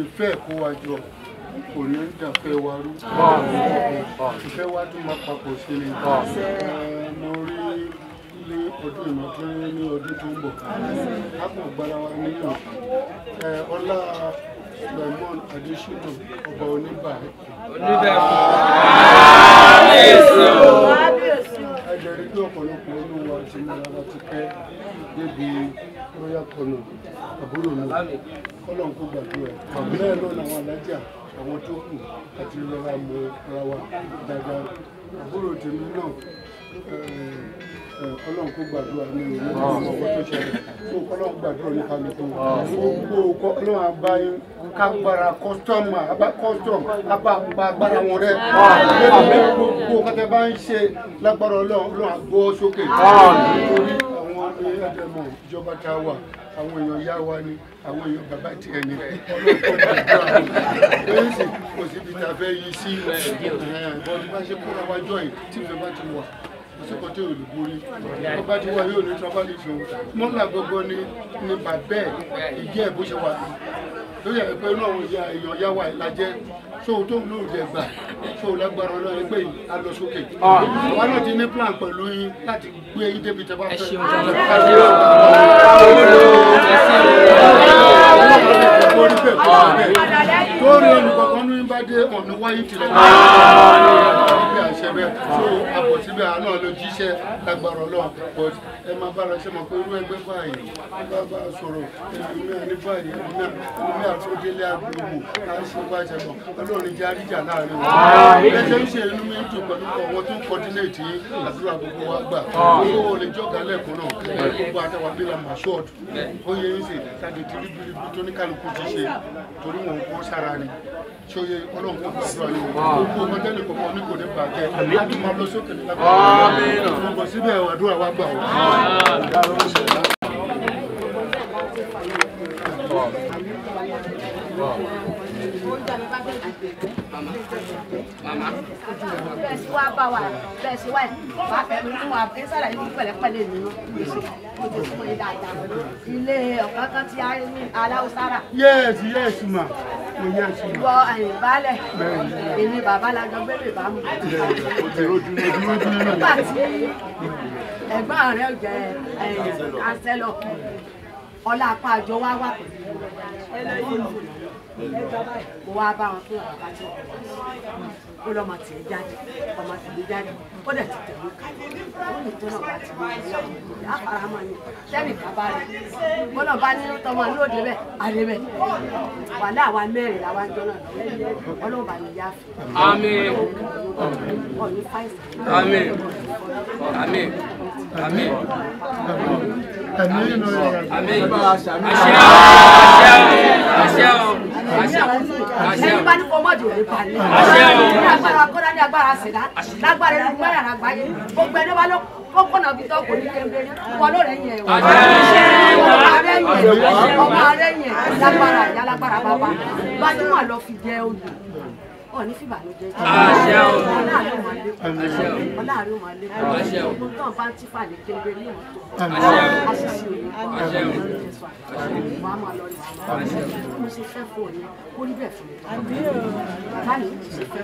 Speaker 8: ìfẹ́ kó wa jọ kò ní dàfẹ́ rú ìfẹ́ wa tún máa papọ̀ sí ni mo rí ní ọdún ìmọ̀tún ní ọdún tó ń bọ̀ lápò gbára wa nínú ọlá Lemon Adesina ọba oníbàárẹ̀. Oníbàárẹ̀. Ẹgbẹ̀rún bí ọ̀pọ̀lọpọ̀ olúwa ti mú ara ti pẹ́ débi lọ́yà kọ̀nà àbúrò náà. Kọ́lọ̀ ń kó gbàdúrà. Bẹ́ẹ̀ náà làwọn alájà àwọn tó kù àti rọra mọ ara wa dáadáa àbúrò tèmi náà eh, ọlọ́run kó gbàdúrà ní ìlú ọmọ ọkọ tó ṣẹlẹ̀ kó ọlọ́run gbàdúrà ní kálukú gbogbo ọkọ ọlọ́run abáyé kágbára kọ́sítọ́mù àbá kọ́sítọ́mù àbá agbára wọn rẹ lẹ́nu gbogbo kẹtẹ bá ń ṣe lágbára ọlọ́run ọlọ́run àgbọ̀ sókè nítorí
Speaker 3: àwọn ẹ̀ẹ́dẹ̀mọ̀
Speaker 8: ìjọba tá a wà àwọn èèyàn yá wa ni àwọn èèyàn bàbá tiẹ̀ ni ọlọ́pàá kò síbi tá a fẹ́ yí sí bọ́ọ̀dù bá ṣe kóra wa jọ yìí tí ìfẹ́ bá ti wà ọsọkọ tí ò lè borí ọba tí wọn yóò ní trọbálì ṣòwò mọ́là gbogbo ni ni bàbẹ́ ìjẹ́ bó ṣe wà
Speaker 3: lórí ẹ̀pẹ́ náà ìyá
Speaker 8: ìyọ̀yá wà lájẹ́ so tó ń lò jẹ gbà so lágbára Ọlọ́run ẹgbẹ́ yìí á lọ sókè ah. wọn náà ti ní plan pẹ̀lú yín láti gbé yín débi tẹ́ bá fẹ́. ẹ ṣeun jọlọ ẹ ṣeun jọlọ tó rí ẹnì kọ̀ọ̀kan ní bá dé ọ̀nà wáyé tìrẹ̀. Ah ń ṣe bẹ́ẹ̀ tó àpò síbẹ̀ àánú ló jíṣẹ́ lágbára ọlọ́run but ẹ máa bára ṣe mọ̀ pé irú ẹgbẹ́ báyìí bá bá sọ̀rọ̀ ẹlòmíà ní báyìí ẹlòmíà ẹlòmíà tó délé agbègbè à ń ṣe bá ṣe mọ̀ ọlọ́run jẹ́ àríjà láàrin wọn. ẹ ṣe ń ṣe inú mi ń dùn pẹ̀lú ọwọ́ tó ń kọ́dínéètì àdúrà gbogbo wa gbà olówó lè jọ́gà lẹ́kùn náà gbogbo àtàwà bí la mà ṣọ́ọ̀d ó yẹ ń ṣe ṣàdètì ríbiríbi tó ní kálukú ti ṣe torí wọn kó sára ni ṣó yẹ ọlọ́run kò gbàdúrà yìí gbogbo ọmọdé nìkan kan ní kò ní bàjẹ́ àmì àdúmọ̀ lọ síbẹ̀ àdúrà wa gbà wá.
Speaker 2: Yes, yes, ma. Yes, wa bẹ́ẹ̀ sì wá ẹ̀ wá fẹ́ mi fún wa ẹ sàlàyé ní pẹ̀lẹ́pẹ̀lẹ́ mi náà mo ti sún mi dáadáa bá mu. nígbà tí eh, àjọ ó lọ́ máa tì jáde ó máa tì jáde ó dẹ̀ ti tẹ̀lé
Speaker 3: kalẹ̀ ó ní tó náà bá ti wọ́n ní àwọn ìpínlẹ̀ afárá
Speaker 2: máa yẹ sẹ́ni kábà rẹ̀ wọ́n bá ní tọmọ lóde bẹ́ẹ̀ àdé bẹ́ẹ̀ wà láwa mẹ́rin làwa jọ náà lẹ́yìn bá ní yá fi. àmín
Speaker 1: àmín àmín àmín ẹ̀mí nínú rẹ̀. àmì ìbá aṣàmì.
Speaker 2: àṣẹ o àṣẹ o àṣẹ o àṣẹ o. ẹni bá ní kó mọ̀jì òní palẹ̀. àṣẹ o. ní agbára kọ́dá ní agbára sìlá lágbára ẹni gbára àgbáyé gbogbo ẹni wá ló kókó náà bí tọ́kù ní kẹ́mbẹ́ wọn ló rẹ̀ yẹn o. àṣẹ ọmọ rẹ̀ yẹn ọmọ rẹ̀ yẹn lágbára ìyá lágbára bàbá gbajúmọ̀ lọ fi jẹ oyè ọ̀ ní fìbànújẹ́ jẹ́ àṣẹ ah, o ọláàrí ò máa lékún ọláàrí ò máa lékún àṣẹ o gbogbo tó ń bá ń tífà ní kébé ní ìmọ̀tò àṣìṣe òye àṣẹ o wà á máa lọ rí àṣẹ o mo ṣe fẹ́ fún òye kó rí bẹ́ẹ̀ fún mi báyìí mo ṣe fẹ́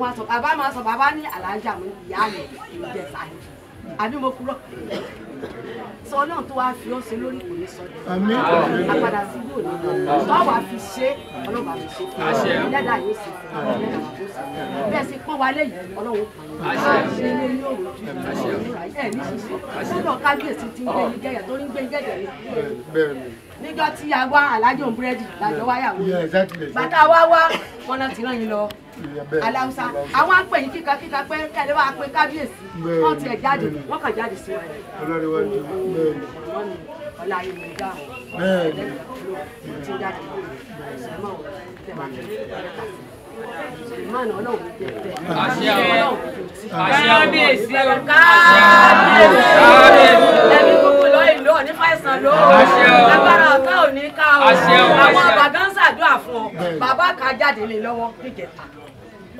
Speaker 2: wá sọ bàbá máa sọ bàbá ní àlàájá mi ìyá mi ìjẹsà yìí àbí mo kúrò sọ ọlọ́run tó wáá fi ọ́ ṣe lórí kò ní sọ
Speaker 3: ọ́ àpàdà sí yóò ní tó wàá fi
Speaker 2: ṣe ọlọ́run bá fi ṣe ẹlẹ́dà yóò ṣe bẹ́ẹ̀ sì pọ́n wálé yìí ọlọ́run pọ̀ ṣe ilé ní òwò ju ẹ̀ ní ṣiṣẹ́ lọ́dọ̀ kábíyèsí ti ń gbé ní gẹ́gẹ́ tó ń gbé ní gẹ́gẹ́ nígbà tí a wá alájò búrẹ́dì làjọ wáyà wò bàtà wá wá wọn náà ti yín
Speaker 8: lọ aláwùsá
Speaker 2: àwọn àpè yìí kíkà kíkà pé kẹlẹ wàá pé kábíyèsí wọn tiẹ̀ jáde wọn kàn jáde sí wa ni.
Speaker 8: ọlọ́run
Speaker 2: ọlá ayé mi dá
Speaker 8: àwọn
Speaker 2: ti jáde sẹ́mọ̀ tẹ̀wá ìmọ̀nà ọlọ́run tẹ̀ tẹ̀ kábíyèsí o kábíyèsí lẹ́mí gbogbo lọ ìlú ọ̀ ní fàìsàn ló lágbára ọ̀tá ò ní ká o àwọn àbàdàn ṣàdúrà fún ọ bàbá kan jáde lé lọ́wọ́ níjẹta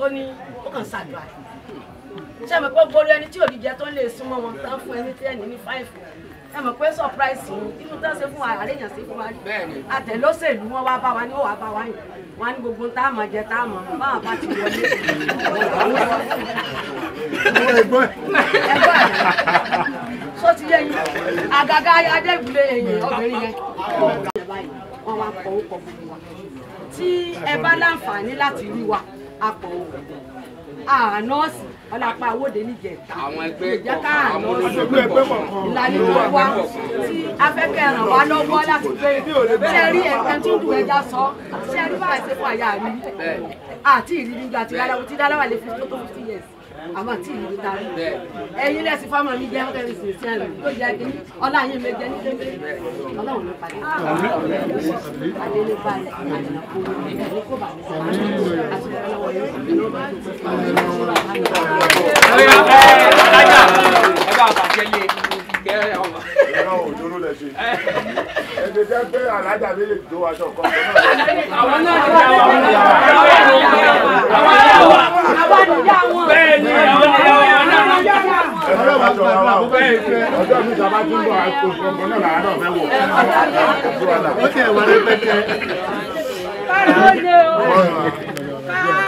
Speaker 2: ó ní ó kàn ṣàdúrà ṣe mọ̀ pé borí ẹni tí òdìjẹ tó ń lè súnmọ́ wọn tán fún ẹni tí ẹni ní fáìfù ẹ mọ̀ pé surprise yìí inú tán ṣe fún àríyàn sí fún wa rí àtẹ̀lóṣèlú wọn wá bá wa ní ó wá bá wa yìí wọn ní gbogbo tá a mọ̀ jẹ tá a mọ̀
Speaker 3: báwọn bá ti wọlé. ẹgbẹ́
Speaker 2: sọ ti yẹ yín àgàgà adébúlé èyàn obìnrin yẹn wọn wá kọ ó kọ gbogbo wa tí ẹ bá láǹfààní láti rí wa apọ̀ òkú ah, àánọ́ọ̀sì ọlọ́pàá àwòdè níjẹ̀ta ìjẹ́ká àánọ́ọ̀sì ìlànà wa tí afẹ́kẹ́ ràn wá lọ́wọ́ láti gbé ṣe rí ẹ̀ka tó dùn ẹja sọ ṣe rí báyìí ṣe fún àyà mi àti ìrírí ìgbà tí dáláwà lè fi tó tó fifty years àmọ́ tí ìlú ta rẹ̀ ẹ̀yin lẹ́sí fáwọn mi jẹ́ ọ̀rẹ́ ìsìn sí ẹ̀rọ tó jẹ́ kí ọlá yín mi jẹ́ ní kékeré ọlọ́run ló padà adélé balẹ̀ àdìnà kó ẹ̀rọ kó bàbá àti ọlọ́wọ́ yóò fi ló bá ti pa ọ̀rẹ́
Speaker 1: ìsìn sí ẹ̀rọ ìran
Speaker 7: òjòrò lẹ ṣe ẹgbẹ jẹ pé alájà méjì tó aṣọ kan tó náà. àwọn náà ní àwọn ní àwọn ní ọjọ́ mi sábà tún
Speaker 6: bọ̀ àpò ìfọ̀nbọ̀ náà làwọn fẹ́ wọ̀.
Speaker 3: ó tẹ̀ wọ́n rẹpẹtẹ. báwo ni o.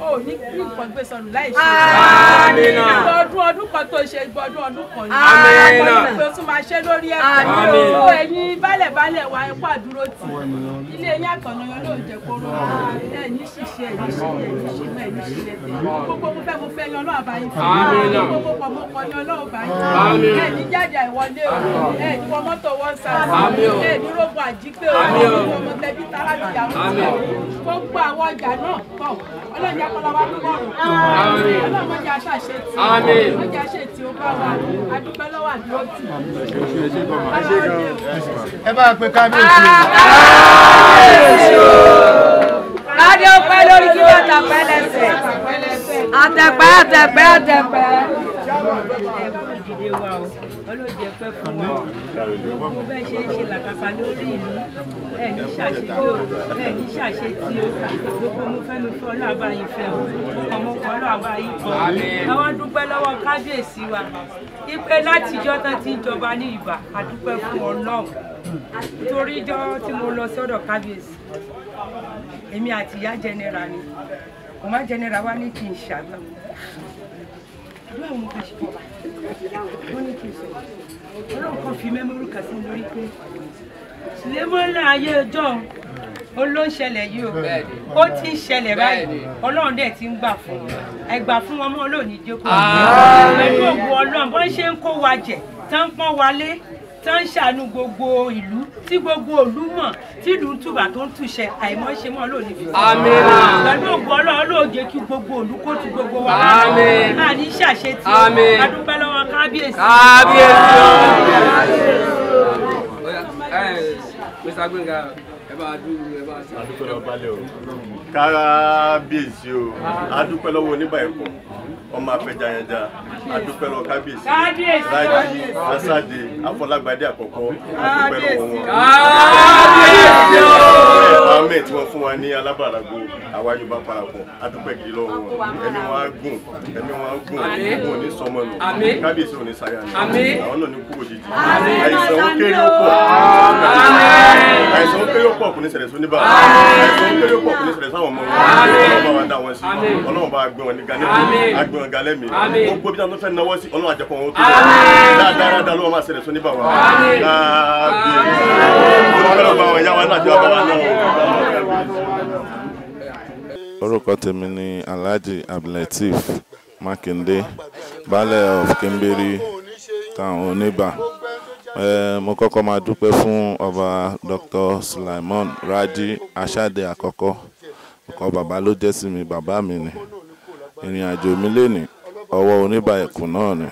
Speaker 2: o ní kí nǹkan gbé sọnù láì ṣe àmín ìgbà ọdún ọdún kan tó ṣe ìgbà ọdún ọdún kan ní àmín ìgbà tó máa ṣe lórí ẹ̀kọ́ o ẹ̀yin balẹ̀ wa ẹ̀kọ́ àdúró tì ilé yín àtọ̀nà yọ lóò jẹ́ kóró ẹ̀yìn ṣiṣẹ́ ẹ̀yìn ṣiṣẹ́ ẹ̀yìn ṣiṣẹ́ ẹ̀yìn ṣiṣẹ́ gbogbo mo fẹ́ mo fẹ́ yan náà báyìí gbogbo pọ̀ mo kọ yan náà ẹ̀yìn jáde Àmín. Ọjà ṣe tí ó bá wà,
Speaker 3: adúpẹ́ lọ́wọ́ àdúró tì.
Speaker 8: Ẹ bá pe kábíyèsí.
Speaker 3: Kábíyèsí o. Adé ó pẹ́ lórí kí wọ́n ta pẹ́lẹ́sẹ̀. Àtẹ̀pẹ́ àtẹ̀pẹ́ àtẹ̀pẹ́
Speaker 2: ọlọ́dẹ pẹ́ fún wa
Speaker 3: gbogbo bẹ́ẹ̀ ṣe ń ṣe làkàkà
Speaker 2: lórí ìlú ẹ̀ ní ṣàṣeyọ ẹ̀ ní ṣàṣetì o gbogbo mo fẹ́ fún ọlọ́ àbáyé fẹ́ o ọmọ kan ọlọ́ àbáyé kọ́ dúpẹ́ lọ́wọ́ kábíyèsí wa ipe látijọ́ tán ti ń jọba ní ìbà àdúpẹ́ fún ọlọ́run torí ijọ́ tí mo lọ sọ́dọ̀ kábíyèsí èmi àti ìyá jẹnẹra ni ọmọ jẹnẹra wa ní kí n ṣàgbà ọlọ́run kò ṣe fọba wọ́n ní kí n sọ ọlọ́run kan fi mẹ́mọ́rù kà sí lórí pé sùlẹ́mọ́lá ayé ọjọ́ ó ló o ti ń ṣẹlẹ̀ báyìí ọlọ́run ti ń gbà fún wọn ẹgbà fún wọn mọ́ lónìí jókòó pẹ̀lú ògùn ọlọ́run bó ń ṣe wa jẹ tán pọ́n wa tó ń ṣàánú gbogbo ìlú tí gbogbo òlú mọ̀ tí ìlú ń tó ń túṣẹ àìmọ́ ṣe mọ́ lónìí fi àmín pẹ̀lú ògbó ọlọ́run lóògé kí gbogbo
Speaker 1: òlú kó tu gbogbo wa àmín àní ṣàṣetì àmín adúpẹ́ lọ́wọ́ kábíyèsí. kábíyèsí ẹ ẹ mr gbẹngà ẹ bá a dúró ẹ bá a ṣe. adúpẹ́ lọ balẹ̀ o
Speaker 4: kábíyèsí o adúpẹ́ lọ́wọ́ oníbà ẹ̀kọ́ ọmọ afẹjayanja adúpẹ́ lọ́wọ́ kábíyèsí rájí asáde afọlágbádé àkọ́kọ́ adúpẹ́
Speaker 3: lọ́wọ́ wọn. kábíyèsí
Speaker 4: o ahmed tí wọ́n fún wa ní alábàrágbo àwa yorùbá parapọ̀ adúpẹ́ gidi lọ́wọ́ wọn ẹ̀mí wọn á gùn ẹ̀mí wọn á gùn wọn ò ní sọmọ nù kábíyèsí ò ní sáyà nù àwọn náà ní kú
Speaker 2: òjijì àìsàn ó kéré ó pọ̀ àìsàn ó kéré
Speaker 4: ó pọ̀ kò ní ṣẹlẹ̀ sóníbà àìsàn ó kéré ó pọ̀ kò ní ṣẹlẹ̀ sáwọn
Speaker 5: ọlọ́run mọ wọn
Speaker 7: ọlọ́run orúkọ tèmi ni Alhaji Abdulateef Makinde baálẹ̀ of Kimbiri town Oníbà mo kọ́kọ́ máa dúpẹ́ fún ọba Dr. Sulaimon Raji Asade àkọ́kọ́ ọkọ bàbá ló jẹ́ sí mi bàbá mi ni ìrìn àjò mi lénìí ọwọ́ oníbà ẹ̀kún náà ni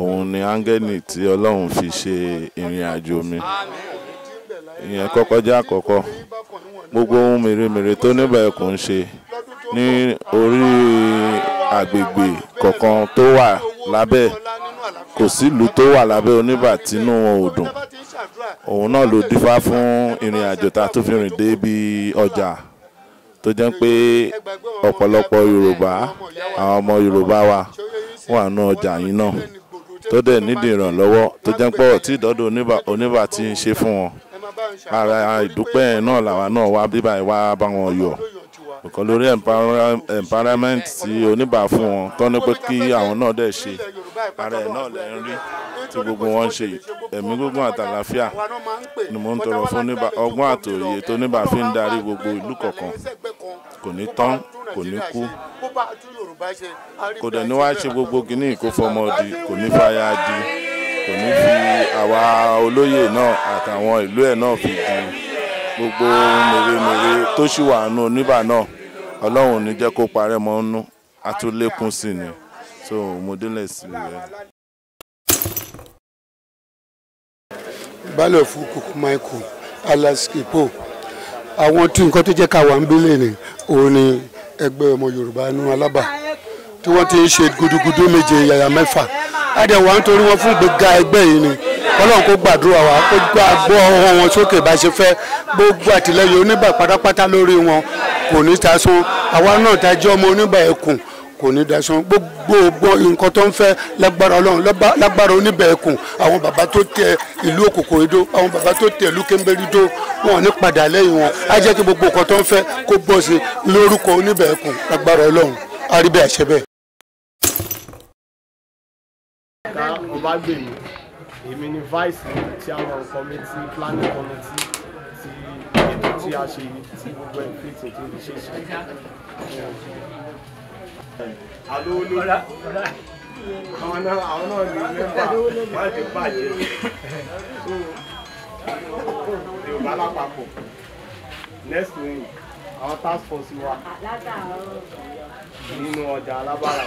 Speaker 7: òun ni áńgẹ́lì tí ọlọ́run fi ṣe ìrìn àjò mi ìyẹn kọ́kọ́ jẹ́ àkọ́kọ́ gbogbo ohun mèremère tó níbà ẹ̀kún ṣe ní orí agbègbè kọ̀ọ̀kan tó wà lábẹ́ kò sílùú tó wà lábẹ́ oníbà tínú wọn ò dùn òun náà ló dífá fún ìrìn àjò tá a tún fi rìn dé ibi ọjà tó jẹ́ pé ọ̀pọ̀lọpọ̀ Yorùbá àwọn ọmọ Yorùbá wa wà nù ọjà yìí náà tó dẹ̀ nídìí ìrànlọ́wọ́ tó jẹ́ pé ọ̀tí ìdọ́dọ̀ oníbà ti ń ṣe fún wọn ara ìdúpẹ́ náà làwa náà wá bíbá ìwà bá wọn yọ̀ nǹkan lórí empowerment tí oníbà fún wọn tó ní pé kí àwọn náà dẹ̀ ṣe ara ẹ̀ náà lẹ́ ń rí tí gbogbo wọn ṣe ẹ̀mí gbogbo àtàlàfíà ni mo ń tọrọ fún ọgbọ́n àtòyè tó níbà fi ń darí gbogbo ìlú kọ̀ọ̀kan kò ní tán kò ní kú kò dẹ̀ ní wá ṣe gbogbo kínní kó fọmọ di kò ní fàyà di kò ní fi àwa olóyè náà àtàwọn ìlú ẹ̀ náà fi di gbogbo mèremère tó ṣì wà nù oníbà náà ọlọ́run ní jẹ́ kó parẹ́ mọ́ nú atúlékún sí ni so mo délẹ̀ sí rẹ̀.
Speaker 8: balẹ̀ fún kùkù alaskipo àwọn tí nǹkan tó jẹ́ ká wà ń bílẹ̀ ni òun ni ẹgbẹ́ ọmọ Yorùbá ní Alábà tí wọ́n ti ń ṣe gudugudu méje yàyà mẹ́fà àdẹ̀wà ń torí wọn fún gbẹ̀gà ẹgbẹ́ yìí ni Ọlọ́run kó gbàdúrà wa kó gbà gbọ́ ọwọ́ wọn sókè bá ṣe fẹ́ gbogbo àtìlẹ́yìn oníbà pátápátá lórí wọn kò ní ta sún àwa náà ta jẹ́ ọmọ oníbà ẹkùn kò ní dasán gbogbo nǹkan tó ń fẹ́ lágbára ọlọ́run lágbára oníbẹ̀ẹ̀kùn àwọn bàbá tó tẹ ìlú òkùnkùn ìdó àwọn bàbá tó tẹ ìlú kẹ́mbẹ́rì dó wọn ní padà lẹ́yìn wọn á jẹ́ kí gbogbo nǹkan tó ń fẹ́ kó bọ́ sí lórúkọ oníbẹ̀ẹ̀kùn lágbára ọlọ́run àríbẹ̀ àṣẹ bẹ́ẹ̀.
Speaker 5: ká ọba gbèrè èmi ni vice chairman committee planning committee ti ètò tí a ṣe ti gbogbo ẹ̀ fìtì tó ṣe ṣe alo olórí àwọn náà àwọn náà ní mẹ́fà má ti bàjẹ́ so yorùbá lápapọ̀ next week àwọn task force wa nínú ọjà alábàárà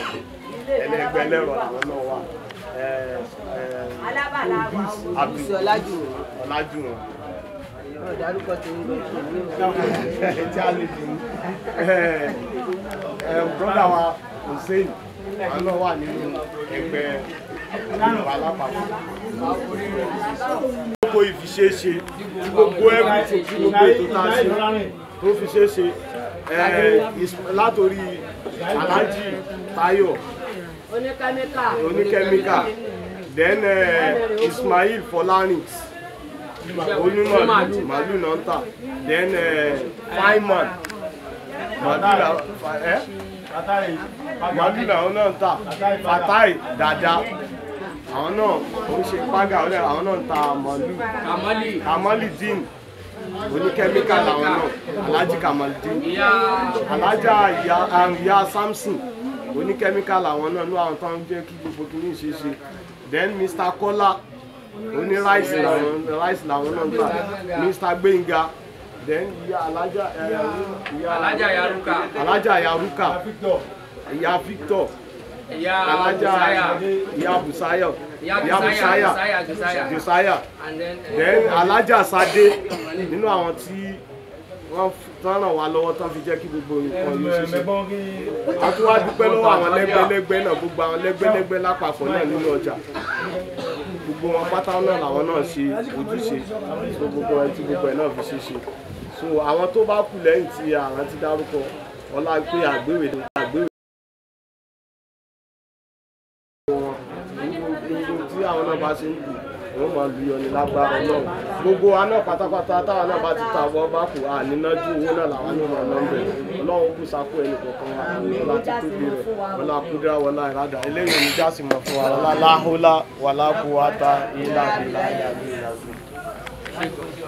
Speaker 3: ẹlẹgbẹ́ lẹ́rọ̀ làwọn náà wà
Speaker 5: eh, eh,
Speaker 3: alábàárà On ọlájú
Speaker 5: wọn dárúkọ tó ń lọ sí ìlú. Eh, brọ́dà wa hussein àlọ́ wà nínú ẹgbẹ́ ìjọba alápapọ̀ gbogbo ìfiṣeéṣe gbogbo ẹrù tí gbogbo ètò tá a ṣe tó fi látòrí aláàjì Táyọ̀
Speaker 2: oníkẹ́míkà then Ismail
Speaker 5: Folarin onímọ̀ màálù náà ń tà then fireman
Speaker 3: màálù làwọn náà ń
Speaker 5: tà fatai dada àwọn náà ó ń ṣe pága àwọn náà ń ta màálù kamali dín oníkẹ́míkà làwọn náà alájí kamali dín alájà um, ìyá samson oníkẹ́míkà làwọn náà ló àwọn tó ń jẹ́ kí gbogbo kìíní ṣe ṣe then Mr. Kola oní rice làwọn náà ń tà Mr. Gbénga then alaja alájà eh, alájà yaruka alájà yaruka ìyá Victor
Speaker 3: ìyá alájà ìyá Busaya
Speaker 5: ìyá Busaya Busaya
Speaker 1: then eh, alaja Sade nínú
Speaker 5: àwọn tí wọ́n tán ràn wá lọ́wọ́ tán fi jẹ́ kí gbogbo nǹkan yìí ṣiṣẹ́
Speaker 3: a tún wá dúpẹ́ lọ́wọ́ àwọn lẹ́gbẹ́lẹ́gbẹ́
Speaker 5: náà gbogbo àwọn lẹ́gbẹ́lẹ́gbẹ́ lápapọ̀ náà nínú ọjà gbogbo wọn pátá náà làwọn náà ṣe ojúṣe gbogbo ẹ tí gbogbo ẹ náà fi ṣe ṣe so àwọn tó bá kù lẹ́yìn tí àwọn ti dárúkọ ọlá pé àgbéwèé àgbéwèé wọn
Speaker 3: gbogbo tí àwọn náà bá ṣe
Speaker 5: ń lù wọ́n máa lu yọ ní lágbára náà gbogbo aná pátápátá táwọn náà bá ti ta àwọn bá kù ànínájú owó náà làwọn náà máa nọ́ọ̀bẹ ọlọ́run kù sákó ẹnì kọ̀ọ̀kan wa ọlá ti tóbi rẹ̀ ọlá kúdúrà wọlá ìrádà eléyìí ní jásí mọ̀ fún wa ọlá láhólá wàlá kó wá ta ilá ìlà ìyàgbé
Speaker 3: ìyàgbé.